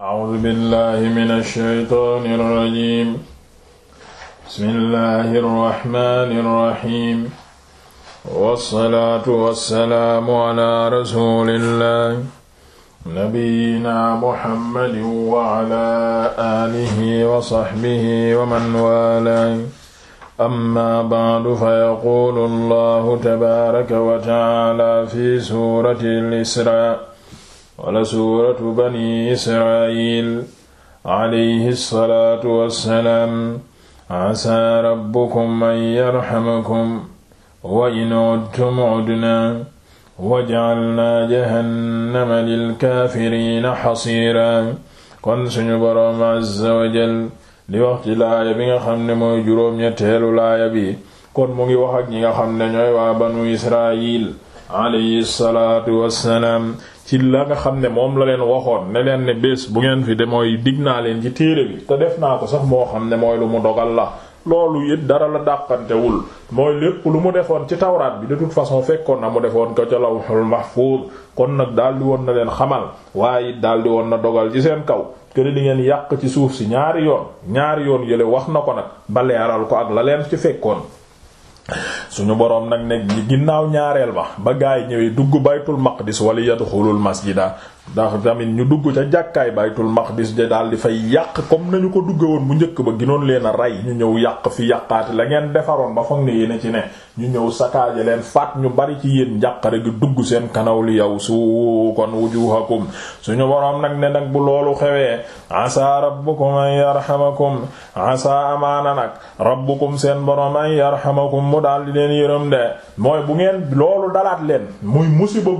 A'uuzu billahi mina shaytaani rajiim. Bismillahi rahmaani rahiim. Wassalaatu wassalaamu ala rasuulillahi nabiyyina Muhammadin wa ala aalihi wa sahbihi wa man waalaahu. Amma ba'du fayaquulu Allahu tabaaraka wa ta'aala fi suuratil Israa. wala suuratu bani israil alayhi salaatu wassalaam asaa rabbukum an yarxamakum wa in udtum udna wa jacalnaa jahannama lilkaafiriina xasiira kon suñu boroom azza wa jal di wax ci laaya bi nga xam ne mooy juróom-ñetteelu laaya bi kon mu ngi wax ak ñi nga xam ne ñooy waa banu israil alayhi salaatu wassalaam ci la nga xam ne moom la leen waxoon ne leen ne bés bu ngeen fi de mooy dig naa leen ci téere bi te def naa ko sax moo xam ne mooy lu mu dogal la loolu it dara la dàqantewul mooy lépp lu mu defoon ci tawraat bi de toute façon fekkoon na mu defoon ko ca max mahfuz kon nag daldi woon na leen xamal waaye it daldi woon na dogal ci seen kaw kër di ngeen yàq ci suuf si ñaari yoon ñaari yoon yéle wax na ko nag ba leeral ko ak la leen ci fekkoon suñu boroom nag ne ginnaaw ñaareel ba ba gaay ñëwee dugg baytul maqdis wala yadxulul masjida ndax tamit ñu dugg ca jàkkaay baytul maqdis ja daal di fay yàq comme nañu ko dugge woon bu njëkk ba ginoon leen a rey ñu ñëw yàq fi yàqaati la ngeen defaroon ba foog na yéen ci ne ñu ñëw sakaaje leen faat ñu bari ci yéen njàqare gi dugg seen kanaw li yow su kon wujuhakum suñu boroom nag ne nag bu loolu xewee asa rabbukum an yarhamakum asa amaana nag rabbukum seen boroom an yarhamakum mu daal di leen yërëm de mooy bu ngeen loolu dalaat leen muy musiba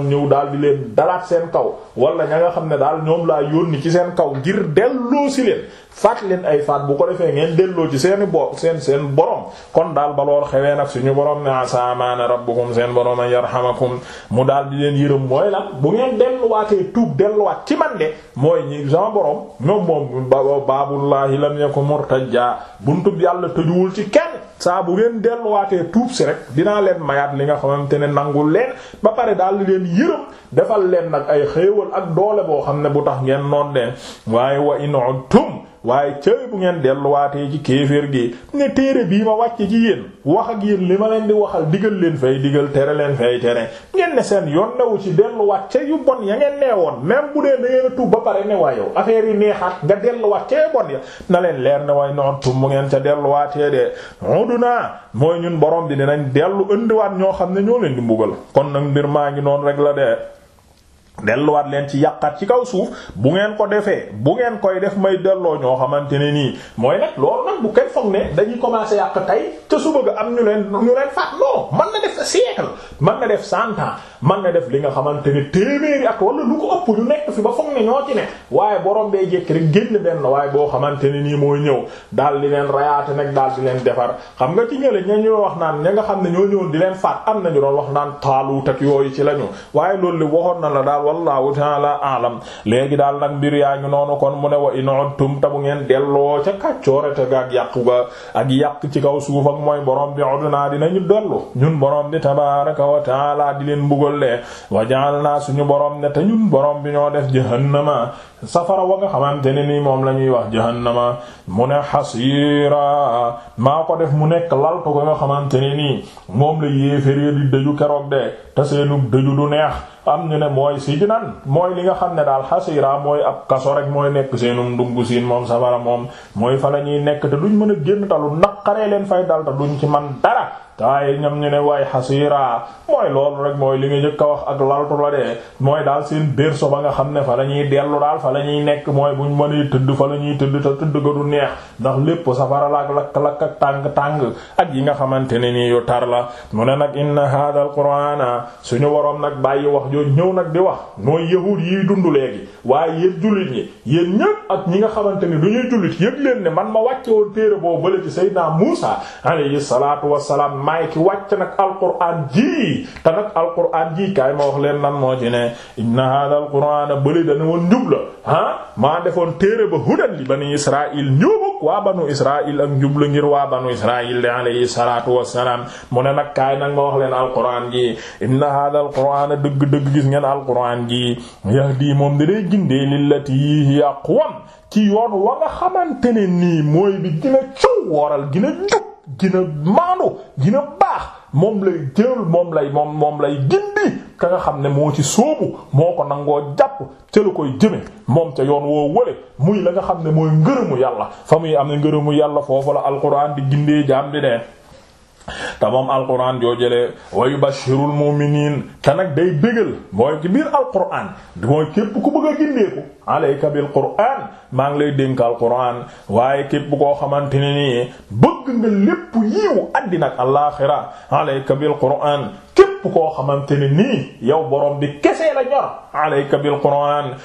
ne noon ñëw daal di leen dalaat seen kaw wala ña a xam ne daal ñoom laa yónni ci seen kaw ngir delloo si leen faat leen ay faat bu ko defee ngeen delloo ci seeni bo seen seen borom kon daal ba lool xewee nag suñu borom ne asamaana rabbukum seen borom a yarhamakum mu daal di leen yërëm mooy lan bu ngeen delluwaatee tuub delluwaat ci man de mooy ñi sama borom ñoom moom baabullahi lam yakum murtajaa buntub yàlla tëjuwul ci kenn saa bu ngeen delluwaatee tuub si rek dinaa leen mayaat li nga xamante ne nangul leen ba pare daal di leen yërëm defal leen nag ay xéewal ak doole boo xam ne bu tax ngeen noon dee waaye wa in udtum waaye cëy bu ngeen delluwaatee ci kéeféer gi ne téere bii ma wàcce ci yéen wax ak yéen li ma leen di waxal digal leen fay digal tere leen fay tere ngeen ne seen yoon newu ci delluwaat ca yu bon ya ngeen nee woon même bu dee da ngeen a ba pare ne waa yow affaire yi neexaat nga delluwaat ca yu bon ya na leen leer ne way noon tuub mu ngeen ca delluwaatee de uduna mooy ñun borom bi dinañ dellu indiwaat ñoo xam ne ñoo leen di mbugal kon nag mbir maa ngi noonu rek la delluwaat leen ci yàqaat ci kaw suuf bu ngeen ko defee bu ngeen koy def may delloo ñoo xamante ne nii mooy nag loolu nag bu kenn foog ne dañuy commencer yàq tey te su bëgg am ñu leen ñu leen faat non man na def siècle man na def cent ans man nga def li nga xamante ne téeméeri at wala lu ko ëpp ñu nekk fi ba foog ne ñoo ci ne waaye borom bee jekk rek génn benn waaye boo xamante nii mooy ñëw daal di leen rayaate nag daal di leen defar xam nga ci ñële ña ñoo wax naan ña nga xam ne ñoo ñëwoon di leen faat am nañu doon wax naan taalut ak yooyu ci lañu waaye loolu li waxoon na la daal wallahu ta'ala a'lam léegi daal nag mbir yaa ngi noonu kon mu ne wa in'udtum ta bu ngeen delloo ca kàccoorete ga ak yàqu ga ak yàq ci kaw suuf ak mooy borom bi di leen loolee waja'alna suñu borom ne te ñun borom bi ñoo def jahannama safara wa nga xamante ne nii moom la ñuy wax jahannama mu ne xasiira maa ko def mu nekk lal ko nga xamante ne nii moom la yéeféer di dëju keroog de te seenu dëju du neex am ñu ne mooy sijinan mooy li nga xam ne daal xasiira mooy ab kaso rek mooy nekk seenum ndungu siin moom safara moom mooy fa la nekk te duñ mën a génn te naqaree leen fay dal te duñ ci man dara taay ñam ñu ne waay xasiira mooy loolu rek mooy li nga njëkk a wax ak laltu la de mooy daal seen so ba nga xam ne fa la ñuy dellu daal fa la ñuy nekk mooy buñ mënee tëdd fa la ñuy tëdd te tëdd ga du neex ndax lépp safara la ak lakk-lakk ak tàng-tàng ak yi nga xamante ne nii yu tar la mu ne nag inna hadha alqur'ana ñu waroom nag bàyyi wax joo ñëw nag di wax mooy yahuud yiy dund léegi waaye yéen jullit ñi yéen ñëpp ak ñi nga xamante ni duñuy jullit yëg leen ne man ma wàcce woon téere boo bële ci maay ki nak nag alquran ji te nag alquran ji kaay ma wax leen lan moo ci ne inna hada alqurana bëli dana woon njub la maa defoon téere ba hudan li bani israil banu israil ak ngir waa banu israil de alayhi salatu wassalam mu ne nag kaay nag ma wax leen alquran ji inna hada alqurana dëgg-dëgg gis ngeen alquran ji yahdi moom da day gindee lillati hiya aqwam ci yoon wa nga xamante ne nii mooy bi gën a ciw waral gën gën a maandu gën baax moom lay jël moom lay moom moom lay gindi ka nga xam ne moo ci sóobu moo ko nangoo jàpp ca lu koy jëme moom ca yoon woo wële muy la nga xam ne mooy ngërëmu yàlla fa muy am ne ngërëmu yàlla foofu la alxuraan di gindee jaam di ne te moom alquran joojale wa yubashirul mu'minin te nag day bégal mooy ci biir alquran mooy képp ku bëgg a gindeeku alayka bil quran maa ngi lay dénk alquran waaye képp koo xamante ne nii bëgg nga lépp yiiw àddina ak alaaxira alayka bil quran képp koo xamante ne nii yow borom bi kese yi ñor alayka bil qur'an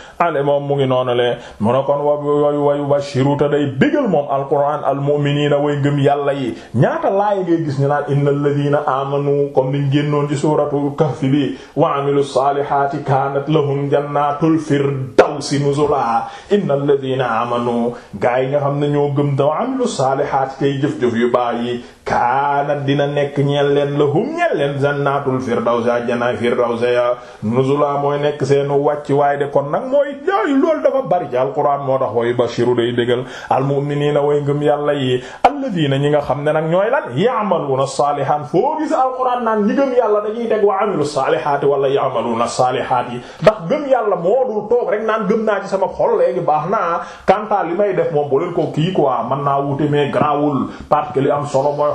mu ngi noon le mu ne kon wayu wayu bashiru ta day bégal moom al qur'an al mu'minina way ngëm yàlla yi ñaata laaya ngay gis ñu naan innal ladina amanu comme niñ génnoon di suratu kahf bi wa amilu salihati kanat lahum jannatul firdawsi nuzula innal ladina amanu gaay nga xam ne ñoo gëm da wa amilu salihati tay jëf-jëf yu baax yi kaanat dina nekk ñeel leen la hum ñeel leen jannatul firdawsi ajjanaay firdawsi ya nuzula mooy nekk seenu wàcc waaye de kon nag mooy yooyu loolu dafa bari ci alquran moo tax way bashiru day dégal almu'minina way ngëm yàlla yi alladina ñi nga xam ne nag ñooy lan ya'maluna saalihaat foo gis alquran naan ñi gëm yàlla dañuy teg wa amilu saalihaati wala ya'maluna saalihaat yi ndax gëm yalla moo dul toog rek naan gëm naa ci sama xol léegi baax naa kantaa li may def moom bu leen ko kii quoi mën naa wute mais grawul parce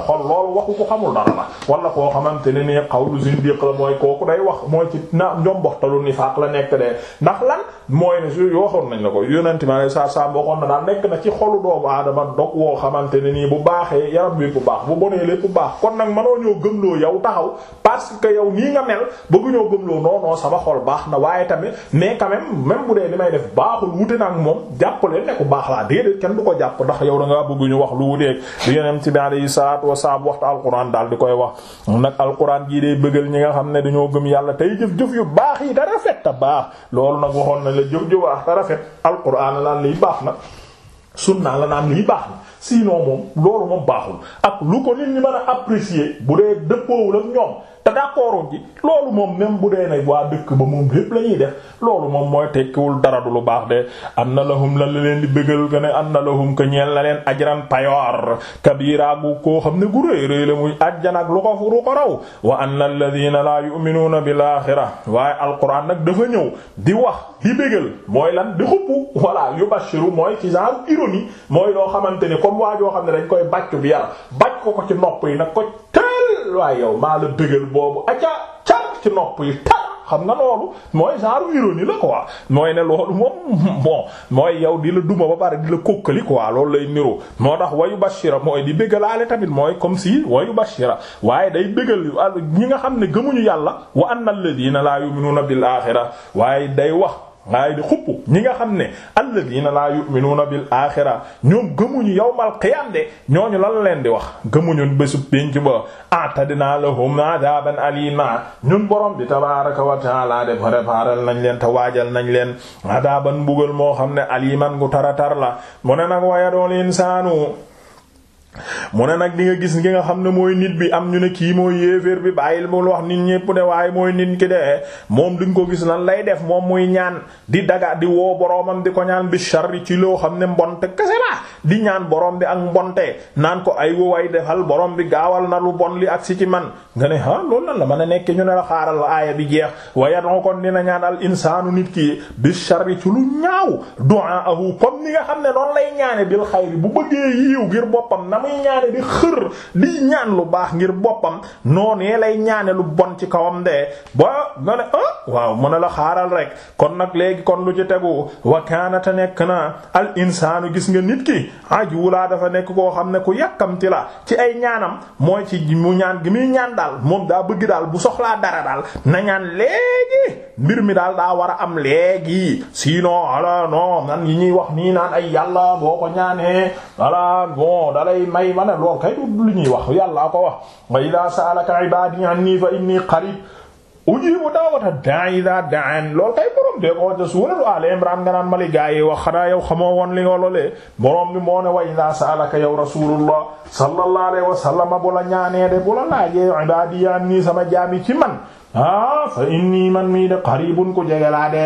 xol loolu waxu ko xamul dara la wala koo xamante ne nii xawlu zindiq la mooy kooku day wax mooy ci na njomboxtalu nifaaq la nekk de ndax lan mooy ne su waxoon nañ la ko yonent ma sa sa waxoon na nekk na ci xolu doomu aadama woo xamante ne nii bu baaxee yaram bi bu baax bu bonee lépp bu baax kon nag mënoo ñoo gëmloo yow taxaw parce que yow nii nga mel bëgg ñoo gëmloo non non sama xol baax na waaye tamit mais quand même bu dee li may def baaxul wute nag moom jàppale ne ku baax laa déedéet kenn du ko jàpp ndax yow da ngaa bëgg ñu wax lu wuteeg wa saab waxtu alquran daal di koy wax nag alquran jii day bëggal ñi nga xam ne dañoo gëm yàlla tey jëf-jëf yu baax yi da rafet te baax loolu nag waxoon na la jëf ju baax te rafet alquran lan liy baax na sunna la naan lii baax na sinon moom loolu moom baaxul ak lu ko nit ñi mën a apprécier bu dee dëppoowul ak ñoom te d'accord ji loolu moom même bu dee nag waa dëkk ba moom lépp la def loolu moom mooy tekkiwul dara du lu baax de am na lahum la leen di bëggal que ne am na lahum que ñeel na leen ajran payoor kabira gu koo xam ne ku rëy rëy la muy ajjan ak lu ko fu lu ko raw wa anna alladhina la waaye alquran nag dafa ñëw di wax di bëggal mooy lan di xuppu voilà yubashiru mooy ci genre ironie mooy loo xamante ni comme waa xam ne dañ koy bàccu bi yar bàcc ko ko ci nopp yi nag ko waaye yow maa la bëggal boobu aca car ci nopp yi xam nga loolu mooy genre ironie la quoi mooy ne loolu moom bon mooy yow di la duma ba pare di la kókkali quoi loolu lay niro moo tax wayu bashira mooy di béggalaale tamit mooy comme si wayu bashira waaye day béggal ñi nga xam ne gëmuñu yàlla wa anna alladhina la yu'minuna bil akhirah waaye day wax waaye di xupp ñi nga xam ne alladina laa yu'minuuna bil axira ñoom gëmuñu yawmal qiyaam de ñooñu lan leen di wax gëmuñu bésu pénc ba atadna lahum adaban alima ñun borom bi tabaaraka wa taala de préparal nañ leen te waajal nañ leen adaban mbugal moo xam ne aliman gu taratar la mu ne nag waya doon insaanu mu ne nag di nga gis ngi nga xam ne mooy nit bi am ñu ne kii mooy yéeféer bi bàyyil bul wax nit ñépp de waaye mooy nit ki de moom duñ ko gis lan lay def moom muy ñaan di daga di woo boroomam di ko ñaan bi sharri ci loo xam ne mbonte kese la di ñaan borom bi ak mbonte naan ko ay wo way defal bi gaawal na lu bon li ak si ci man nga ne loolu lan la mën a nekk ñu ne xaaral la aaya bi jeex waya danga kon dina ñaan al insaanu nit ki bi sharri ci lu ñaaw du'aahu ni nga xam ne noonu lay ñaane bil xayri bu bëggee yiiw ngir boppam muy ñaane di xër di ñaan lu baax ngir boppam noonee lay ñaane lu bon ci kawam de ba nga ne ah waaw mën la xaaral rek kon nag léegi kon lu ci tegu wa ta nekk na al insaanu gis nga nit ki ajula dafa nekk koo xam ne ku yàkkamti la ci ay ñaanam mooy ci mu ñaan gi muy ñaan daal moom daa bëgg daal bu soxlaa dara daal na ñaan léegi mbir mi daal daa war a am léegi sinon ala non nan yi ñuy wax nii naan ay yàlla boo ko ñaanee voilà bon dalay may ma ne lool kay du lu ñuy wax yàllaa ko wax wa idaa sa'alaka ibaadi anni fa inni qariib ujibu daawata da'i daa da'an lool kay borom de ko te suuratu Al Imran nga naan mali gaa a wax xanaa yow xamoo woon li nga loolee borom bi moo wa idaa sa'alaka yow rasulullah sallallahu alayhi wa sallam bu de bu ah, ku jege de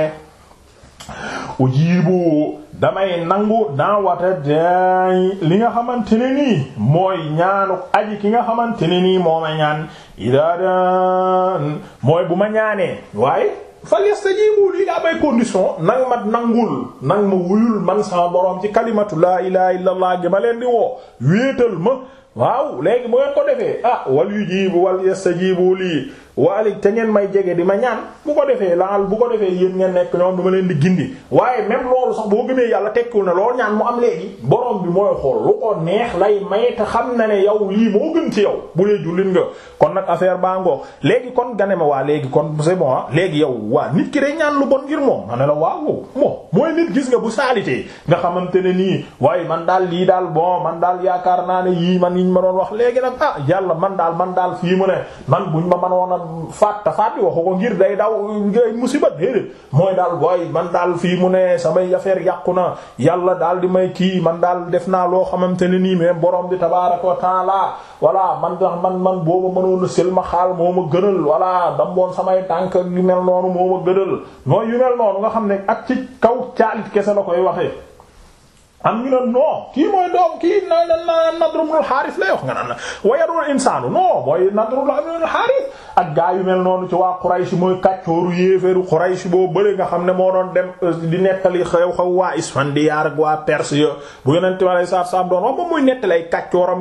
ujibu damay nangu daawata daayi li nga xamante ne nii mooy ñaanu aji ki nga xamante ne nii moo ma idaadan mooy bu ma ñaanee waaye falyastajibu li daa may condition nang ma nangul nang ma wuyul man sama borom ci kalimatu laa ilaha illa ma leen di woo wéetal ma waaw léegi bu ngeen ko defee ah wal wal yastajibu lii waalik te ngeen may jege di ma ñaan bu ko defee laal bu ko defee yéen ngeen nekk ñoom ma leen di gindi waaye même loolu sax boo gëmee yàlla tekkiwul ne loolu ñaan am léegi borom bi mooy xool lu ko neex lay may te xam na ne yow lii moo gën ci yow bu dee jullit nga kon nag affaire baa léegi kon gane ma waa léegi kon c'est bon ah léegi yow waa nit ñaan lu bon ngir moom ma ne la waaw moom mooy nit gis bu saalitee nga xamante ne nii waaye man daal lii daal bon man daal yaakaar naa ne yii man yiñ ma doon wax léegi nag ah yàlla man daal man daal fii mu ne man buñ ma mënoon faat ta faat waxu ko ngir day daw ay musiba déedéet mooy daal booy man daal fii mu ne samay affaire yàqu na yàlla daal di may kii man daal def naa loo xamante ne nii mais boroom bi tabaaraka wa taala voilà man dax man man booba mënoon sel ma xaal moo ma gënal voilà damboon samay tànk yu mel noonu moo ma gënal mooy yu mel noonu nga xam ne ak ci kaw caalit kese la koy waxee am ñu ne non kii mooy doom kii na na xaaris lay wax nga naan la wayarul insaanu ak gaa yu mel noonu ci waa Quraysh mooy kàccooru yéeféeru Quraysh boo bëri nga xam ne moo euh, di nettali xew-xew waa Isfandiyaar ak waa Perse yo bu yonente mi alei satu doon wax moom muy nettali ay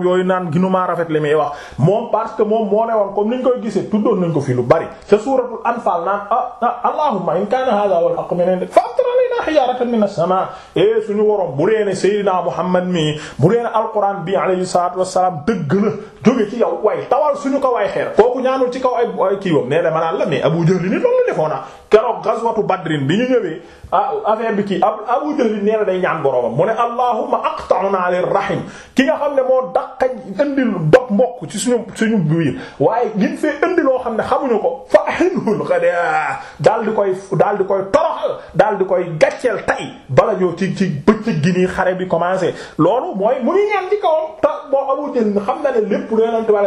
yooyu naan ginumaa rafet li muy wax moom parce que moom moo ne woon comme niñ koy gisee tuddoon nañ ko fi lu bari ca suuratul Anfaal naan ah, ah, allahumma in kaana hadha wal haqq hijaratan min as-samaa e eh, suñu worom bu dee ne Seydina Muhammad mi bu dee ne alquran bi alayhi salaatu wassalaam dëgg la jóge ci yow waaye tawal suñu ko way xeer kooku ñaanul ci kaw ay ay kii wam la mais Abu Jahl ni loolu defoona keroog gazwatu Badrin bi ñu ñëwee Ah, affaire bi ci Abu Jahl nee na day ñaan boromam mu ne allahumma aqta'na lir rahim ki nga xam ne moo daq indil dog mbokk ci suñu suñu biir waaye gin fee indi loo xam ne xamuñu ko fa ahinhul ghadaa daal di koy daal di koy toroxal daal di koy gàcceel tay bala ñoo ci ci bëccëg gi nii xare bi commencé loolu mooy mu ngi ñaan ci kawam te boo Abu Jahl xam na ne lépp lu Yonent bi dëgg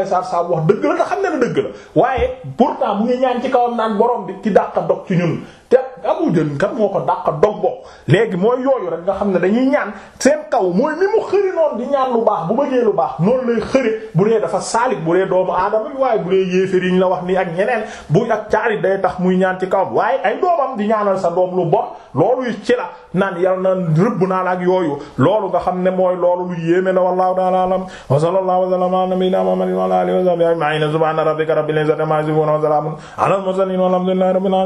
la te xam na ne dëgg waaye pourtant mu ngi ñaan ci kawam naan borom bi ki dàq dog ci ñun te abu jël kat moo ko dàq dog bokk léegi mooy yooyu rek nga xam ne dañuy ñaan seen kaw mooy ni mu xëri noonu di ñaan lu baax bu bëggee lu baax noonu lay xëre bu dee dafa saalik bu dee doomu aadama waaye bu dee yéefér yi ñu la wax nii ak ñeneen bu ak caari day tax muy ñaan ci kawam waaye ay doomam di ñaanal sa doom lu bon loolu ci la naan yal na rëbb naa la ak yooyu ne mooy loolu lu yéeme la wallahu ta'ala alam